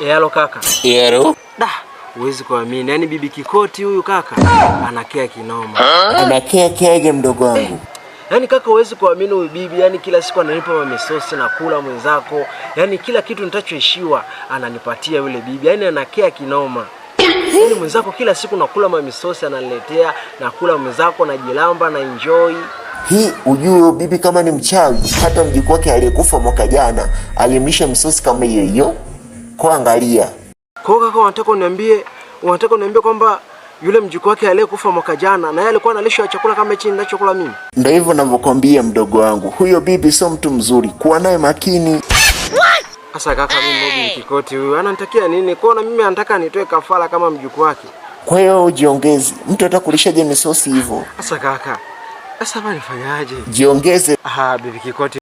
Yalo kaka. Yalo. Da. Huwezi kuamini. Yaani bibi Kikoti huyu kaka anakea kinoma. Anakea kiaje mdogo wangu? Yaani kaka huwezi kuamini huyu bibi, yaani kila siku ananipa mamesosi na kula mwenzako. Yaani kila kitu nitachoishiwa ananipatia yule bibi. Yaani anakea kinoma. Yaani mwenzako kila siku nakula mamesosi ananiletea, na kula mwenzako na jilamba na enjoy. Hii ujue bibi kama ni mchawi, hata mjukuu wake aliyekufa mwaka jana alimlisha msosi kama hiyo hiyo kwa angalia. Kwa hiyo kaka, unataka uniambie, unataka uniambie kwamba yule mjukuu wake aliyekufa mwaka jana na yeye alikuwa analishwa chakula kama hichi ninachokula mimi? Ndio hivyo ninavyokuambia mdogo wangu, huyo bibi sio mtu mzuri, kuwa naye makini. Sasa kaka, mimi mbona hey, Kikoti huyu ananitakia nini? Kwa na mimi anataka nitoe kafara kama mjukuu wake. Kwa hiyo ujiongeze, mtu atakulishaje misosi hivyo? Sasa kaka, sasa bana nifanyaje? Jiongeze. Ah, bibi Kikoti